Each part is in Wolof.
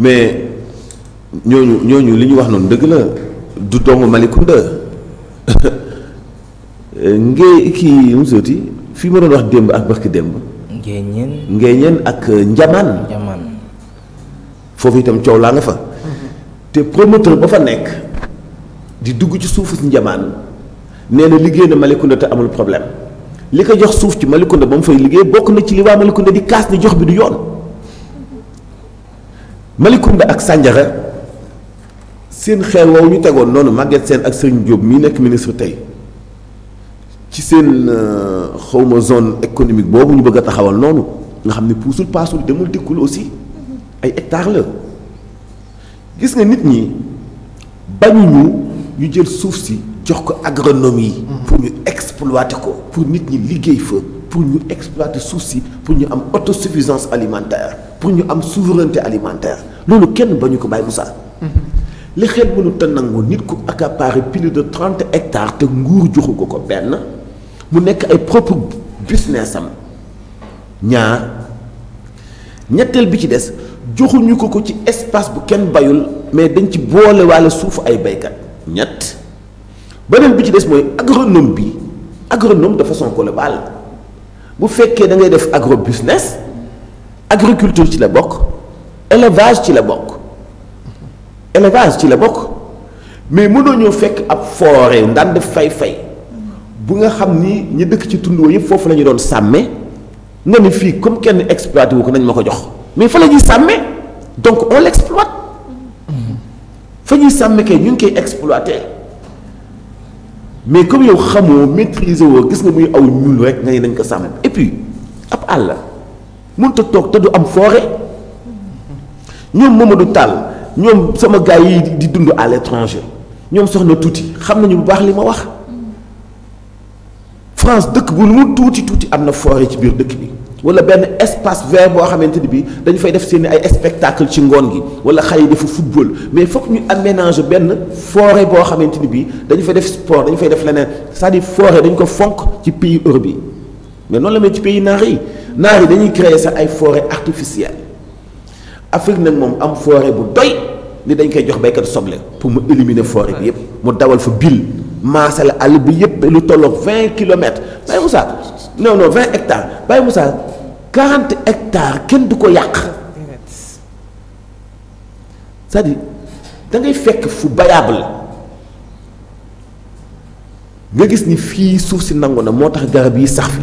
mais ñooñu ñooñu li ñu wax noonu dëgg la du doomu Malicounda ngee kii mu sotti fii ma doon wax démb ak barki démb. ngee Ngéeñeen ak Njamaan. Njamaan foofu itam coow laa nga fa. Mhm. te promoteur ba fa nekk di dugg ci suufu si Njamaan nee na liggéey na Malicounda te amul problème li ko jox suuf ci Malicounda ba mu fay liggéey bokk na ci li waa Malicounda di kaas ni jox bi du yoon. Malicounda ak Sandiara seen xeer woowu ñu tegoon noonu Maguette Sène ak Serigne Diop mi nekk ministre tey ci seen euh, xawma zone économique boobu ñu bëgg a taxawal noonu nga xam ne puusul paasul demul dikkul aussi ay hectares la gis nga nit ñi bañu ñu jël suuf si jox ko agronomie yi. Mm-hmm. pour ñu exploiter ko pour nit ñi liggéey fa pour ñu exploiter suuf si pour ñu am autosuffisance alimentaire pour ñu une souveraineté alimentaire Nous kenn bañu ko nous, Moussa. Mhm. li Les nous, te nous nit plus de 30 hectares de nguur joxu nous ko nous propre business Nous ñaar espace bu kenn bayul mais dañ ci boole waale suufu ay baykat ñett benen bi ci agronome de façon globale bu fekke da ngay def business agriculture ci la bok élevage ci la bok élevage ci la bok mais mënoo ñoo fekk ab forêt ndànd fay-fay bu nga xam ni ñi dëkk ci tundoo yëpp foofu lañu doon sàmmee nga ni fii comme kenn exploité wu ko nañ ma ko jox mais fa la ñuy sàmmee donc on l'exploite fa ñuy sàmmee kay ñu ngi koy exploité mais comme yow xamoo maîtriser woo gis nga muy aw ñuul rek nga ne nañ ko sàmm et puis ab àll mënut a toog te du am forêt ñoom Mamadou Tall ñoom sama gars yi di dund à l'étranger ñoom soxna tuuti xam nañu bu baax li ma wax France dëkk bu mu tuuti tuuti am na forêt ci biir dëkk bi wala benn espace vert boo xamante ni bii dañu fay def seen ay spectacle ci ngoon gi wala xale yi football mais fokk ñu aménager benn forêt boo xamante ni bii dañu fay def sport dañ fay def leneen c'est-à-dire forêt dañ ko fonk ci pays Europe yi mais noonu la mel ci pays naar yi naar dañuy créer sa ay forêt artificielle Afrique nak mom am forêt bu doy ni dañ koy jox béykat soble pour mu éliminer forêt bi yëpp mu dawal fa bill maase la àll bi yépp lu tolloog 20 kilomètres Baye Moussa non non 20 hectares bay Moussa 40 hectares kenn du ko yàq c'est-à-dire da ngay fekk fu bayable nga gis ni fii suuf si nangu na moo tax garab yi sax fi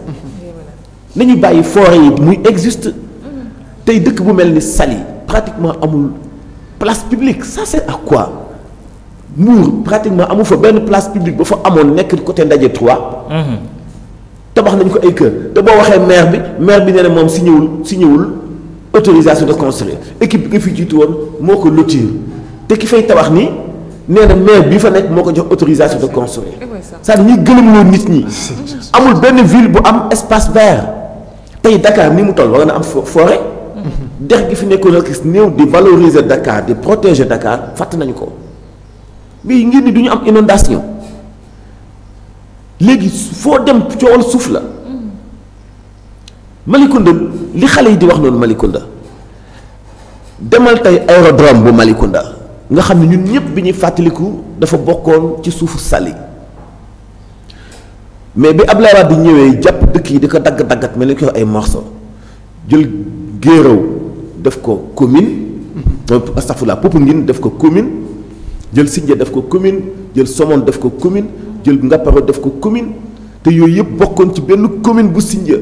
nañu bàyyi forêt yi muy existe tey dëkk bu pratiquement amul place publique ça c'est à quoi Nous pratiquement fa place publique ba fa amoon nekk côté ndaje 3. Mhm. tabax ko ay kër te boo waxee maire bi maire na autorisation de construire équipe fi lotir ki fay tabax maire bi fa autorisation de construire amul ville am espace vert tey dakaar ni mu toll war na am forêt dex gi fi nekkoon ak néew di valoriser dakaar di protéger Dakar fàtt nañu ko mais ngir ni du ñu am inondation léegi foo dem coowal suuf la Malicounda li xale yi di wax noonu Malicounda demal tey aérodrome bu Malicounda nga xam ne ñun ñëpp bi ñuy fàttaliku dafa bokkoon ci suufu Saly mais bi ab Abdoulaye Wade ñëwee jàpp dëkk yi di ko dagg daggat mel ni ko ay morso jël Guéréo def ko commune. Mm-hmm. Euh, astafurlah Popenguine def ko commune. jël Sindia def ko commune jël somon def ko commune jël Ngaparou def ko commune te yooyu yëpp bokkoon ci benn commune bu Sindia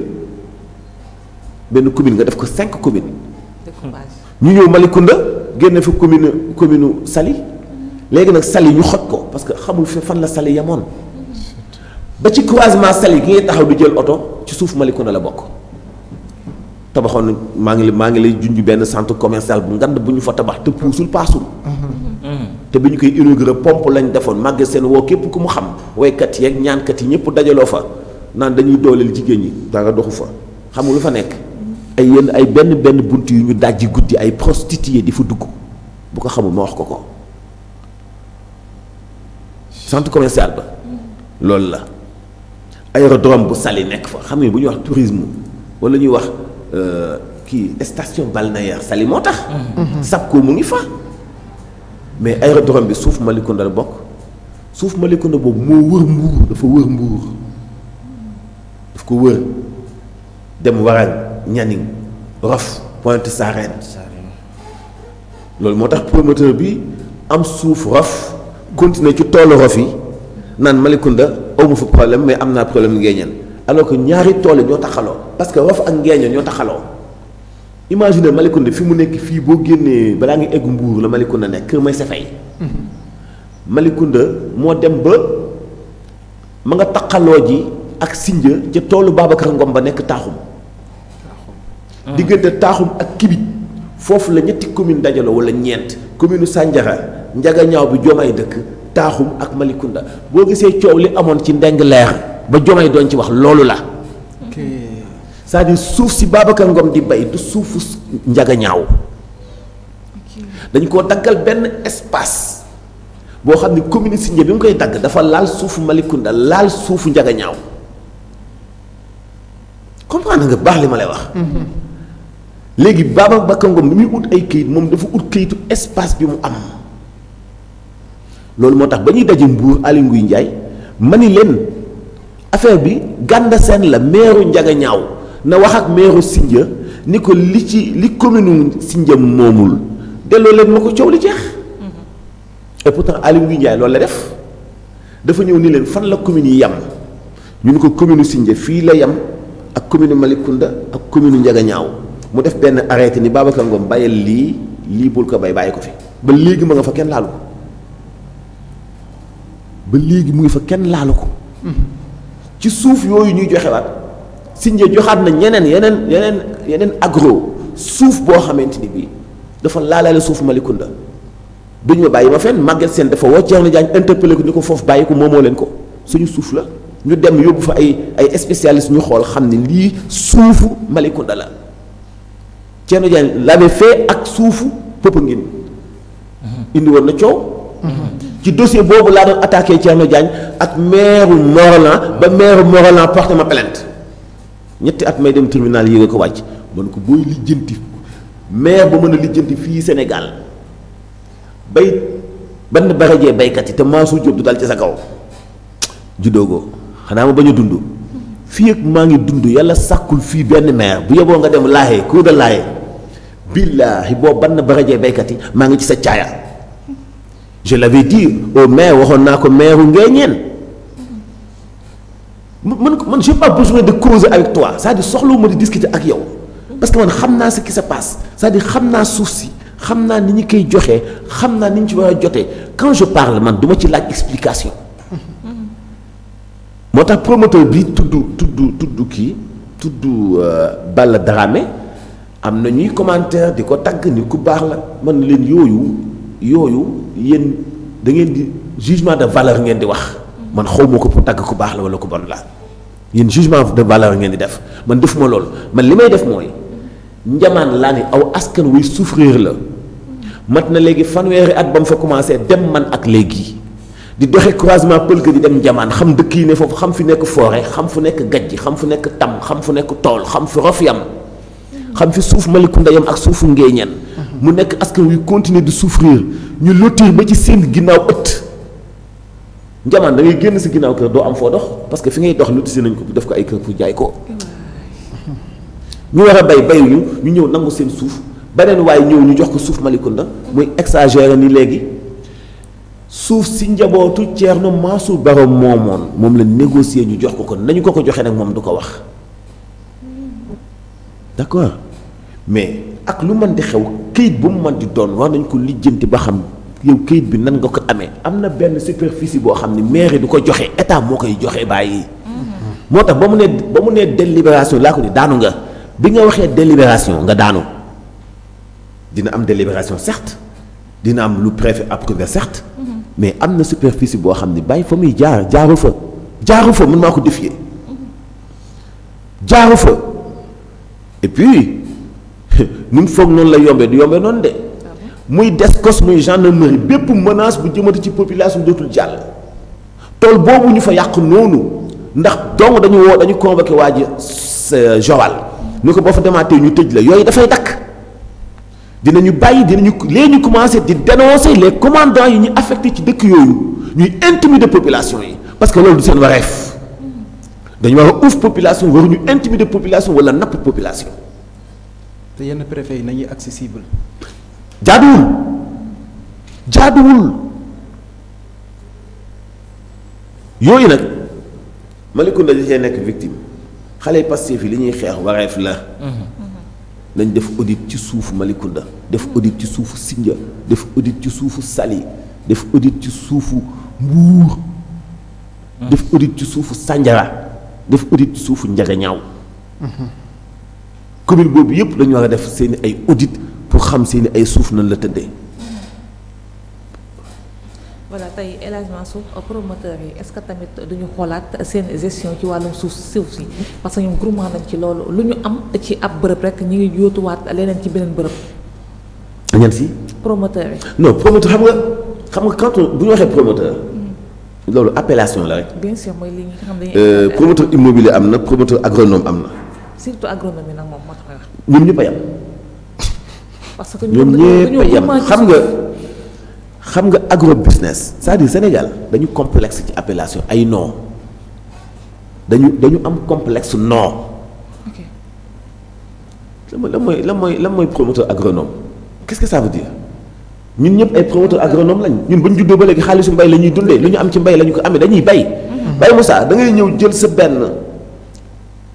benn commune nga def ko cinq communes. ñu ñëw Malicounda génne fi commune commune sali mm-hmm. léegi nag Saly ñu xoj ko parce que xamul fi fan la sali yamoon. ba ci croisement sel yi gi ngay taxaw di jël oto ci suuf Malicounda la bokk tabaxoon maa ngi maa ngi lay junj benn centre commercial bu ngande bu ñu fa tabax te puusul paasul mm-hmm. te bi ñu koy inauguré pompe lañ defoon màgg seen woo képp ku mu xam waykat yeeg ñaankat yi ñëpp dajaloo fa naan dañuy dooleel jigéen ñi dara doxu fa xam nga lu fa nekk ay yenn ay benn benn bunt yu ñu dajji guddi ay prostituées di fa dugg bu ko xamul ma wax ko ko sant commercial ba mm-hmm. loolu la aérodrome bu Salé.. nek fa xam nga wax tourisme wala ñuy wax euh, ki station balnéaire Saly motax mhm. mu ngi fa. mais aérodrome bi suuf Malicounda bok suuf Malicounda boobu mo wër faut dafa wër mbour daf ko wër dem Rof Pointe Sarène. promoteur bi am Rof continuer ci naan Malicounda aw ma problème mais am naa problème ngéeñeen alors que ñaari tool ñoo taxaloo parce que waf ak ngéeñeen ñoo taxaloo imagine Malicounda fi mu nekk fii boo génnee balaa ngi eggu mbuur la Malicounda nekk kër may safay mm-hmm. Malicounda moo dem ba ma nga taxaloo ji ak Sindia ca toolu Babacar Ngom ba nekk taaxum ah. diggante taaxum ak kibit foofu la ñetti commune dajaloo wala ñeent commune Sandiara Njagañaaw bi joom ay dëkk taaxum ak Malicounda boo gisee coow li amoon ci ndeng leer ba jomay doon ci wax loolu la cest à suuf si Babacar Ngom di bay du suufu njaga ñaaw dañ koo daggal benn espace boo xam ne commune Sindia bi mu koy dagg dafa laal suufu Malicounda laal suufu njaga ñaaw comprendre nga baax li ma lay wax mhm. léegi Babacar Ngom bi muy ut ay këyit moom dafa ut këyitu espace bi mu am loolu moo tax ba ñuy daje Mbour Aly Ngouille Ndiaye ma ni leen affaire bi Ganda la meeru Ndiaga ñaaw na wax ak meeru Sindia ni ko li ci li commune Sindia moomul delloo leen ma ko coow li jeex. Mhm. et pourtant Aly Ngouille Ndiaye loolu la def dafa ñëw nii leen fan la commune yi yem ñu ni ko commune Sindia fii la yem ak commune Malicounda ak commune Ndiaga ñaaw mu def benn arrêté ni Babacar Ngom bàyyil lii lii bul ko bay bàyyi ko fi ba léegi ma nga fa kenn laalu ba léegi mu ngi fa kenn laalu ko ci suuf yooyu ñuy joxewaat Sindia joxaat na ñeneen yeneen yeneen yeneen agro suuf boo xamante ni bii dafa laalaale suuf Malicounda duñ ma bàyyi ma fen Maguette Sène dafa woo Thierno Diagne interpellé ko ni ko foofu bàyyi ko moomoo leen ko suñu suuf la ñu dem yóbbu fa ay ay spécialistes ñu xool xam ne lii suufu Malicounda la Thierno Diagne l'avait fait ak suufu Popenguine mhm. indi woon na coow. Mhm. ci boobu laa doon attaqué Thierno Diagne ak maire Morolan ba maire Morolan porté ma plainte ñetti at may dem tribunal yéege ko wàcc man ko booy lijjanti maire ba mën a lijjanti fii senegal bay ban barajee baykat yi te Mansour Diop du dal ci sa kaw ko xanaa ma bañ a dund fii ak maa ngi dund yàlla sàkkul fii benn maire bu yeboo nga dem laaxee kuur da laaxee billaahi boo ban barajee baykat yi maa ngi ci sa caaya je l'avais dit au maire waxoon naa ko maire Nguéniène man man j'ai pas besoin de causer avec toi c'est-à-dire soxlawuma di discuter ak yow parce que man xamna ce qui se passe c'est-à-dire xam naa suuf si ni ñu koy joxee xam ni ci war quand je parle man duma ci laaj explication moo promoteur bi tudd tudd tudd ki tudd euh, balle Dramé amna ñuy commentaire diko tag ni ku bax la man leen yoyu yooyu yéen da ngeen di jugement de valeur ngeen di wax man xaw ma ko pour tagg ku baax la wala ku bon la yéen jugement de valeur ngeen di def man defuma loolu man li may def mooy njamaan laa ni aw askan wuy souffrir la mat na léegi fanweeri at ba mu fa commencé dem man ak léegi di doxe croisement pël di dem njamaan xam dëkk yi ne foofu xam fi nekk forêt xam fu nekk gajj xam fu nekk tam xam fu nekk tool xam fi rof yam xam fi suuf maliku ndeyam ak suufu ngéeñeen mu nekk askan wi continuer de souffrir ñu lotir ba ci seen ginnaaw ëtt njamaan da ngay génn si ginnaaw kër doo am foo dox parce que fi ngay dox nañ ko def ko ay kër pour jaay ko ñu war bay ñu ñëw nangu seen suuf beneen waaye ñëw ñu jox ko suuf muy exagéré ni léegi suuf si njabootu Mansour moomoon moom la négocier ñu jox ko ko nañu ko ko nag moom du ko wax mm. d'accord mais ak lu mën di xew keuyit bu mu mën di doon war nañ ko ba xam yow bi nan nga ko am superficie boo xam ne du ko joxe état moo koy joxe bàyyi. Mm-hmm. ba délibération ko ni daanu nga bi nga délibération nga daanu dina am délibération certes dina am lu préfet certes mm-hmm. mais am superficie boo xam bàyyi jaar jaaru fa mën maa défier mm-hmm. et puis ni mu non la yombé du yombee noonu de muy descos muy gendarmerie bépp menace bu jëmati ci population dootul jàll tol bobu ñu fa yàq noonu ndax dong dañu wo dañu convoquer waji joval Joal ni ko boo fa dématé ñu tejj la yoy da fay dakk dinañu bayyi dinañu léñu commencer di dénoncer les commandants yi ñu affecté ci dëkk yooyu ñuy intimider population yi parce que loolu du seen wareef dañu war ouf population waru ñu intimider population wala napp population te yenn préfet yi nañuy accessible. jaaduwul jaaduwul yooyu nag Malicounda da cee nekk victime xale yi Pastef yi li ñuy xeex wareef la. Mm-hmm. nañ def audit ci suufu Malicounda def audit ci suufu Sindia def audit ci suufu sali def audit ci suufu Mbour. def mm-hmm. audit ci suufu Sandiara def audit ci suufu Ndiaganiao. Mm-hmm. commune boobu yëpp dañu war def seen ay audit pour xam seen ay suuf nan la tëddee. voilà tey élagement suuf promoteur yi est-ce que tamit duñu xoolaat seen gestion ci wàllum suuf suuf si parce que ñoom groupement nañ ci loolu lu ñu am ci ab bërëb rek ñu ngi yóotuwaat leneen ci beneen bërëb. ñan si. promoteur yi. non promoteur xam nga xam nga quand bu ñu waxee promoteur. Hmm. loolu appellation la rek. bien sûr mooy li nga xam ne euh, promoteur immobilier am na promoteur agronome am na surtout agronomie nak mom moo tax wax. ñoom ñëpp a parce que ñoom ñëpp a xam nga xam nga agro business c'est-à-dire Sénégal dañu complexe ci appellation ay non dañu dañu am complexe non ok lan mooy lan mooy lan mooy promoteur agronome qu'est-ce que ça veut dire. ñun ñëpp ay promoteur agronome lañ ñun bu ñu juddoo ba léegi xaalisu mbay la ñuy dundee lu ñu am ci mbay lañu ko amee dañuy bay. Mhm. bay Moussa da ngay ñëw jël sa benn.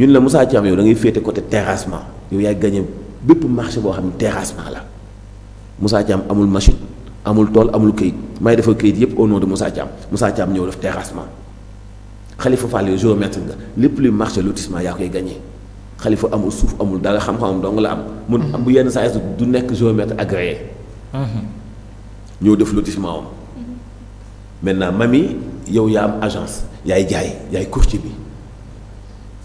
ñun la Moussa Thiam yow da ngay féete côté terrassement yow yaay gagné bépp marché boo xam ne terrassement la Moussa Thiam amul machine amul tool amul këyit may defal këyit yépp au nom de Moussa Thiam Moussa Thiam ñëw def terrassement Khalifa Fall yow géomètre nga lépp luy marché lotissement yaa koy gagné Khalifa amul suuf amul dara xam-xamam dong la am. mun mhm. am bu yenn saa yi du nekk géomètre agréé. Mhm. ñëw def lotissement am. Mhm. maintenant mami yow yaa am agence yaay jaay yaay courtier bi.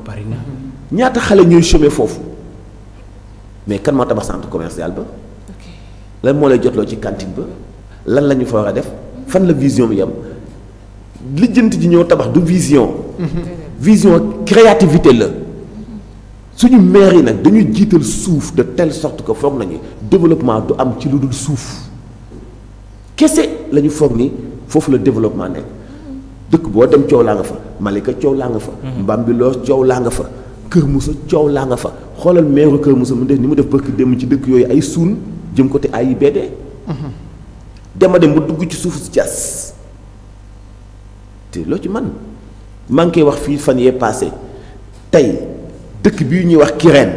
parina n'y a pas ñuy mais kan dans le centre commercial ba lan mo lay jotloo ci la mm-hmm. la vision vision mm-hmm. vision créativité la mm-hmm. suñu maire nous nous le le de telle sorte que foog le développement de am ci lu souffle qu'est ce la ñu ni développement dëkk boo dem coow laa nga fa Malika coow laa nga fa. Mhm. loo coow laa nga fa. Kër Moussa coow laa nga fa xoolal meeru Kër Moussa mu def ni mu def bëkk dem ci dëkk yooyu ay suun jëm ay AIBD. Mhm. dama dem ba dugg ci suufu si Dias te loo ci man maa ngi koy wax fii fan yee paase tey dëkk bi ñuy wax Kirène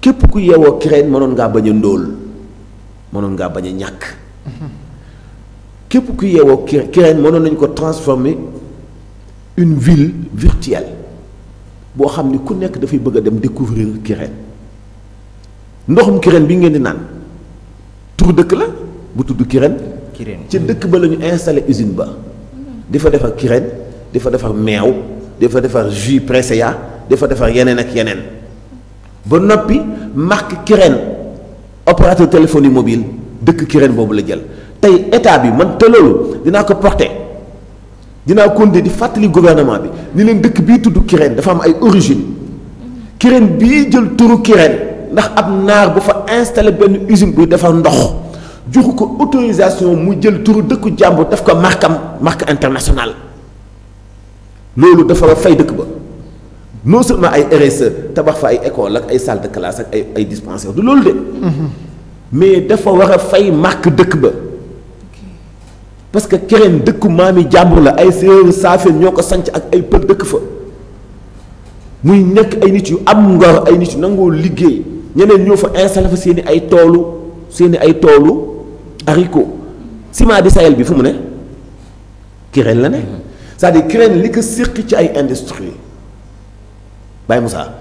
képp ku yeewoo Kirène mënoon ngaa bañ a ndóol mënoon ngaa bañ a ñàkk. Mhm. képp ku yeewoo Kirène mënoon nañu ko transformer une ville virtuelle Bo xam ni ku nekk dafay bëgg a dem découvrir Kirène ndoxum Kirène bi ngeen di naan tout de la bu tudd Kirène ci dëkk ba la installer installé usine ba fois fa defar Kirène des fois defar meew di des fois jus Presea di des fois yeneen ak Yenen. ba n'importe marque Kirène opérateur téléphonie mobile dëkk Kirène vous la jël tey état bi man te loolu dinaa ko porter dinaa continuer di fàttali gouvernement bi ni leen dëkk bii tudd kiren dafa am ay origine kiren bii jël turu kiren ndax ab naar bu fa installé benn usine buy defar ndox joxu ko autorisation mu jël turu dëkku jàmbur daf ko markam marque international loolu dafa fay dëkk ba non seulement ay RSE tabax fa ay école ak ay salle de classe ak ay ay dispensaire du loolu de mm-hmm. mais dafa war a fay marque dëkk ba parce que Kereen dëkku maami jàmbur la ay séeréer saafeen ñoo ko sanc ak ay pël dëkk fa muy nekk ay nit yu am ngor ay nit yu nangoo liggéey ñeneen ñoo fa installé fa seeni ay toolu seeni ay toolu haricot ciment du Sahel bi fu mu ne Kereen la ne c'est-à-dire Kereen li ko séqi ci ay industrie Baye Moussa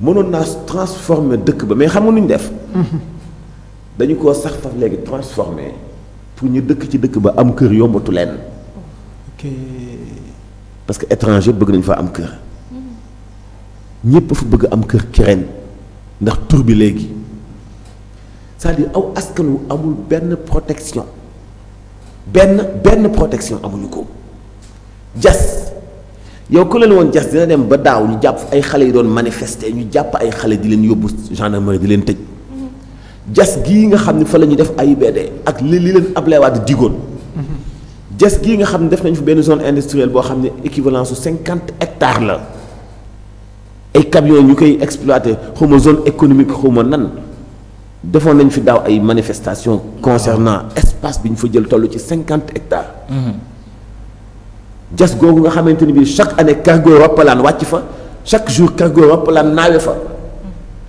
mënoon naa transformer dëkk ba mais xam nga nu def mm-hmm. dañu ko sax faf léegi transformer pour ñu dëkk ci dëkk ba am kër yombatu leen. parce que étranger bëgg nañ fa am kër. ñëpp fa bëgg am kër kereen ndax tur bi léegi c'est-à-dire aw askan wu amul benn protection benn benn protection amuñu ko jas yow ku leen woon jas dina dem ba daaw ñu jàpp ay xale yi doon manifester ñu jàpp ay xale di leen yóbbu gendarmerie di leen tëj jas gi nga xamni ne fa lañu ñuy def AIBD ak li li leen Ablaye Wade digoon mm-hmm. jas gi nga xamni def nañu fi ben zone industrielle bo xamni équivalent su 50 hectares la ay camions ñu koy exploiter xaw zone économique xaw nan defoon nañ fi daw ay manifestations concernant ah. espace bi fa jël tollu ci 50 hectares. Mm-hmm. jas googu nga xamanteni bi chaque année cargo roppalaan wacc fa chaque jour cargo roppalaan naawe fa.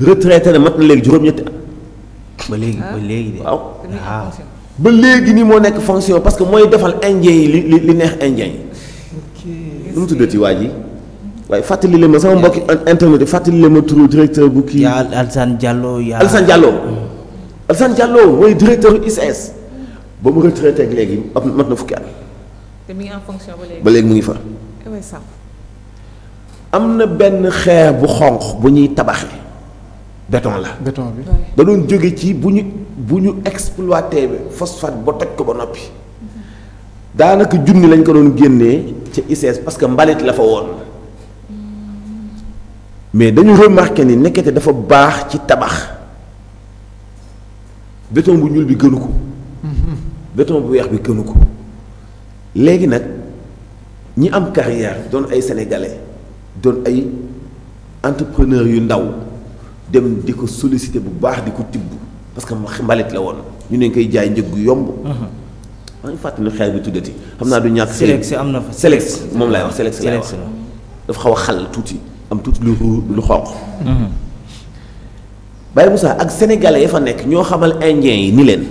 retraité na mat na léegi juróom-ñetti ba léegi ba léegi de. waaw ba léegi ah. ni moo nekk fonction parce que mooy defal indien yi li li neex indien yi. ok nu mu tuddati waa ji waaye fàttali leen ma sama mbokki internet fàttali le ma turu directeur bu kii. yaa alsan Diallo yaa alsan Diallo. alsan Diallo mooy directeur ISS ba mu retraité ak léegi ab mat na fukki at. te mi ngi en fonction ba léegi. ba léegi mu ngi fa. Eh am na benn xeer bu xonq bu ñuy tabaxee béton là. béton bi da doon ci buñu buñu exploiter phosphate ba tok ko ba lañ ko doon parce que mbalit la fa won mais dañu remarquer ni nekété dafa bax ci tabax béton bu bi mhm. béton bu bi ko ñi am carrière doon ay sénégalais doon ay entrepreneur yu dem di ko sollicité bu baax di ko tibb parce que mbalit la woon ñu ne koy jaay njëg gu yomb. maa ngi fàttali xeer bi tuddati xam naa am na fa sélex moom laay wax sélex laay wax dafa xaw a tuuti am tuuti lu lu xonq. Baye Moussa ak sénégalais fa nekk ñoo xamal indien yi ni leen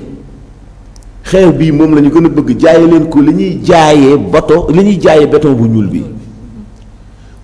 xeer bii gën a bëgg jaaye leen ko li ñuy jaayee bato li ñuy jaayee béton bu ñuul bi.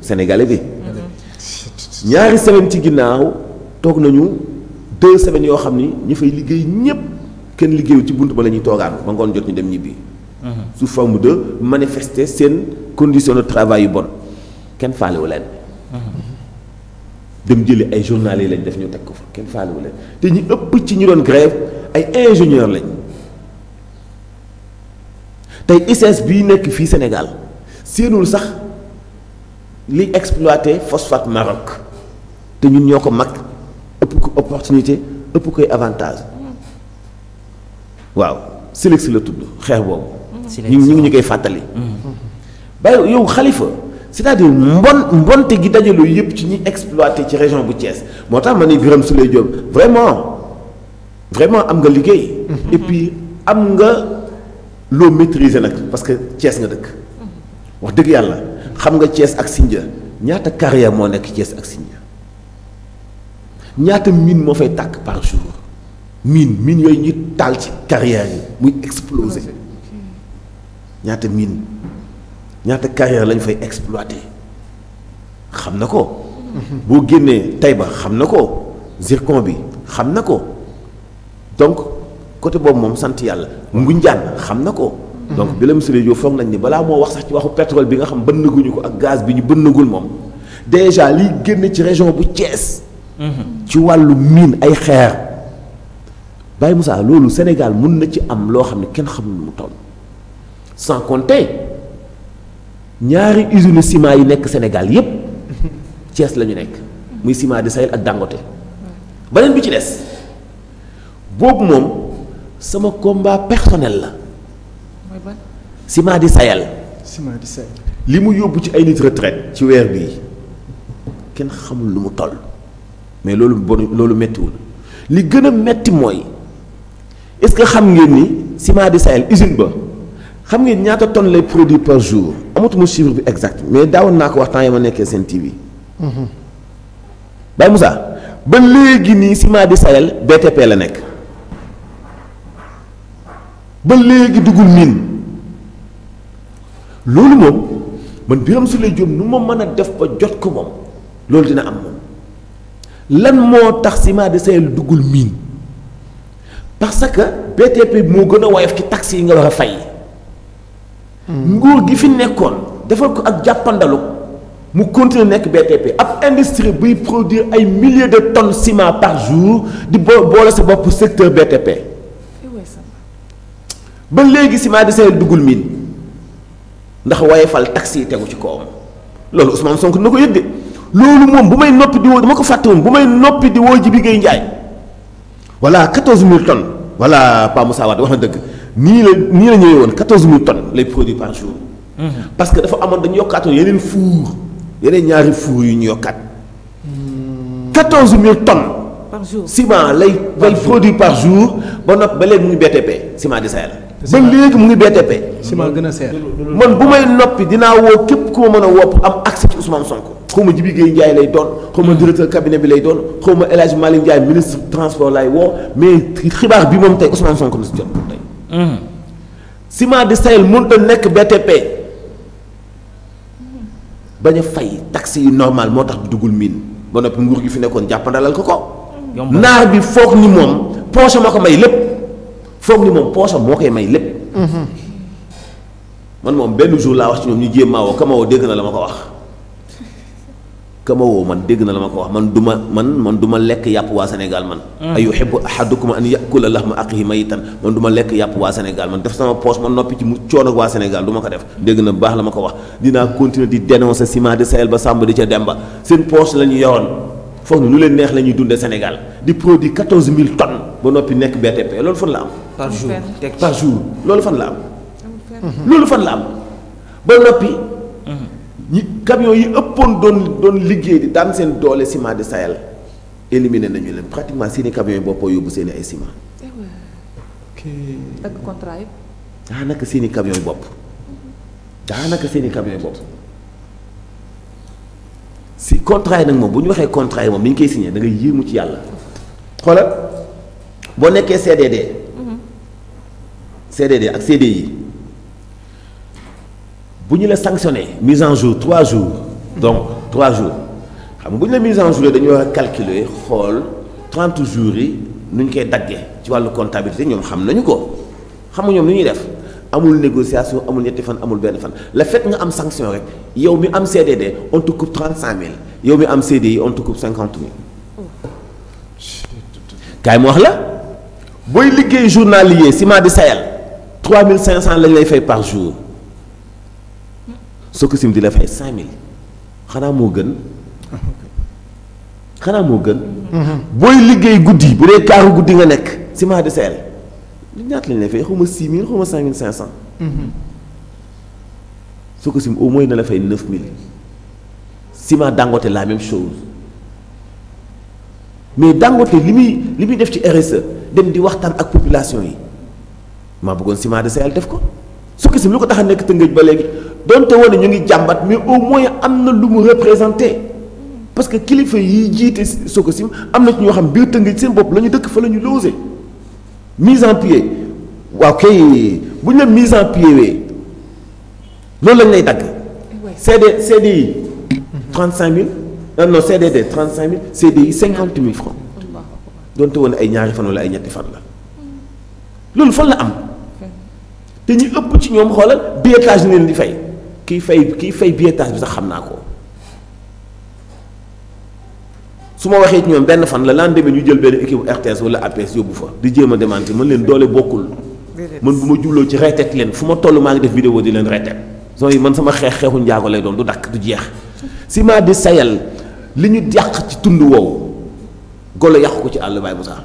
sénégalais bi. Mm-hmm. ñaari semaine ci ginnaw tok nañu deux semaines yo fay liggéey ñëpp ken liggéeyu ci buntu ba lañuy ba jot ñu dem mm-hmm. sous forme de manifester sen de travail yu bon Ken faalewu leen. Mm-hmm. dem jëli ay journal lañ def ñu ko ken ñi ëpp ci ñu grève ingénieur lañ nekk Sénégal li exploiter phosphate Maroc te ñun ñoko ko mag ëpp ko opportunité ëpp koy avantage waaw silex la tuddu xex boobu. ñu ngi ñu ngi koy fatali. Mm-hmm. Ba yow khalifa c'est-à-dire mbon mbonte gi dajaloo yépp ci ñi exploiter ci région bu Thiès Motax man ma ne Birame Diop vraiment vraiment am nga liggéey. Mm-hmm. et puis am nga lo maîtriser nak parce que Thiès nga dëkk. Mm-hmm. wax dëgg yàlla. xam nga cees ak Sindia ñaata carrière moo nekk Thiès ak Sindia ñaata mine moo fay tàkk par jour mine mine yooyu ñu taal ci carrière yi muy exploser ñaata mine ñaata carrière lañu fay exploiter xam na ko. boo génnee Taïba xam na ko zircon bi xam na ko donc côté boobu moom sant yàlla. Ngunjaan xam na ko. donc Birame Souleye Diop foog nañ ni balaa moo wax sax ci waxu pétrole bi nga xam bënnaguñu ko ak gaz bi ñu bënnagul moom déjà liy génn ci région bu Thiès. ci wàllu mine ay xeer. Baye Moussa loolu Sénégal mun na ci am loo xam ne kenn xamul nu mu toll sans compter ñaari usines ciment yi nekk Sénégal yépp Thiès la ñu nekk muy ciment de Sahel ak Dangote beneen bi ci des boobu moom sama combat personnel la. ciment di sayal ciment li mu yóbbu ci ay nit retraite ci weer bii kenn xamul lu mu toll mais loolu bon loolu méttiwul li gën a métti mooy est-ce que xam ngeen ni ciment di Sahel usine ba xam ngeen ñaata tonnes lay produit par jour amatuma chiffre bi exact mais daawoon naa ko waxtaan yi ma nekkee seen TV. Mm-hmm. Baye Moussa ba léegi nii ciment du Sahel BTP la nekk ba léegi duggul miin loolu moom man je nu ma mën a def ba jot ko moom loolu dina am lan ciment de parce que BTP moo gën a woyof ci taxes yi nga war fay. gi BTP industrie produire ay milliers de tonnes ciment par jour di sa secteur BTP. Eh ba léegi ciment de sel dugul mine ndax wayefal taxi yi tegu ci kawam loolu Ousmane Sonko na ko yëg de loolu moom di woo dama ko fàtte woon bu di woo ji bi ngay njaay 14000 tonnes voilà Pa Moussa Wad, wax na dëgg nii la nii la ñëwee 14000 tonnes les produits par jour. Mhm. parce que dafa amone dañu yokkaatoon yeneen four yeneen ñaari four yu ñu yokkaat. 14000 hmm. tonnes. par jour ciment lay lay produit par jour ba nopp ba léegi ñu BTP ciment de Sahel. ba léegi mu ngi BTP. ciment gën a man bu may noppi dinaa woo képp ku ma mën a wopp am accès ci Ousmane Sonko. xaw ma Jibi Gueye lay doon. xaw ma directeur cabinet bi lay doon. xaw ma El Hadj Malick Ndiaye ministre transport lay woo mais xibaar bi moom tey Ousmane Sonko na si jot pour tey. ciment de Sahel mënut a nekk BTP bañ a fay taxi yu normal moo tax duggul miin ba noppi nguur gi fi nekkoon jàppandalal ko ko. naar bi foog ni moom poche ma ko may lépp. foog ni moom poosam moo koy may lépp. Mhm. man moom benn jour la wax ci ñoom ñu jéem maa woo kama woo dégg na la mako wax. kama woo man dégg na la mako wax man duma man man duma ma lekk yàpp waa Sénégal man. Mm. ay yuhibbu ahadukum an yakula lahma axiihi maytan man duma ma lekk yàpp waa Sénégal man def sama poos man nopi ci mu coono ak wa Sénégal duma ko def. dégg na baax la mako wax dina continuer di dénoncer ciment de Sahel ba Samba di ca Demba seen poos lañu ñu yoroon ñu leen neex la dundé dundee Sénégal di produit 14000 tonnes ba nopi nekk BTP loolu fan la am par jour par jour loolu fan la am. Mhm. loolu fan la am ba nopi mhm. ñi camion yi eppone liggéey di de Sahel éliminé nañu pratiquement si camions sont boppoo les ay ciment. Eh contrat camions camions si contrat nak un moom waxé contrat mi ngi signé da ngay yému ci CDD. CDD ak CDI vous la sanctionné mise en jour 3 jours donc 3 jours xam buñu la mise en jour dañu war calculer xol 30 jours yi nuñ koy daggee ci walu comptabilité ñom xam nañu ko xam nga ñoom nu ñuy def amul négociation amul ñetti fan amul benn fan le fait nga am sanction rek yow mi am CDD on te coupe 35000 yow mi am CDI on te coupe 50000. kaay mo wax la boy liggéey journalier ciment du sayel 3500 lañ lay fay par jour soo sim di la fay 5000 xanaa mo gën xanaa mo gën. boy liggey goudi bu dee kaaru nga nek si de de li ñaata lañ lay fay xuma 6000 xaw ma 5500. soo ko sim au moins na la fay 9000 si Dangote la même chose. mais Dangote limi limi def ci RSE dem di waxtan ak population yi. Ma bëggoon ciment de Sahel def ko Sococim lu ko tax a nekk ba léegi donte woon ñu ngi jàmbat mais au moins am na lu mu représenté parce que kilifa yi jiite Sococim am na ci ñoo xam biir Tëngéej seen bopp la ñu fa la ñu mise en pied waaw kay bu ñu mise en pied wee loolu lañ lay dagg. CD CDI. 35000 non non CDD CDI 50000 francs donte woon ay ñaari fan ay ñetti fan la loolu fan la am. te ñu ëpp ci ñoom xoolal billetage leen di fay kiy fay kiy fay billetage bi sax xam naa ko su ma waxee ñoom benn fan la lendemain ñu jël benn équipe RTS wala APS yóbbu fa di jéem a démentir mën leen doole bokkul. man bu ma jubloo ci retet leen fu ma toll maa ngi def vidéo di leen retet. soo yi man sama xeex xeexu njaago lay doon du dakk du jeex ciment di sayal li ñu yàq ci tund woowu golo yàqu ko ci àll baay Moussa.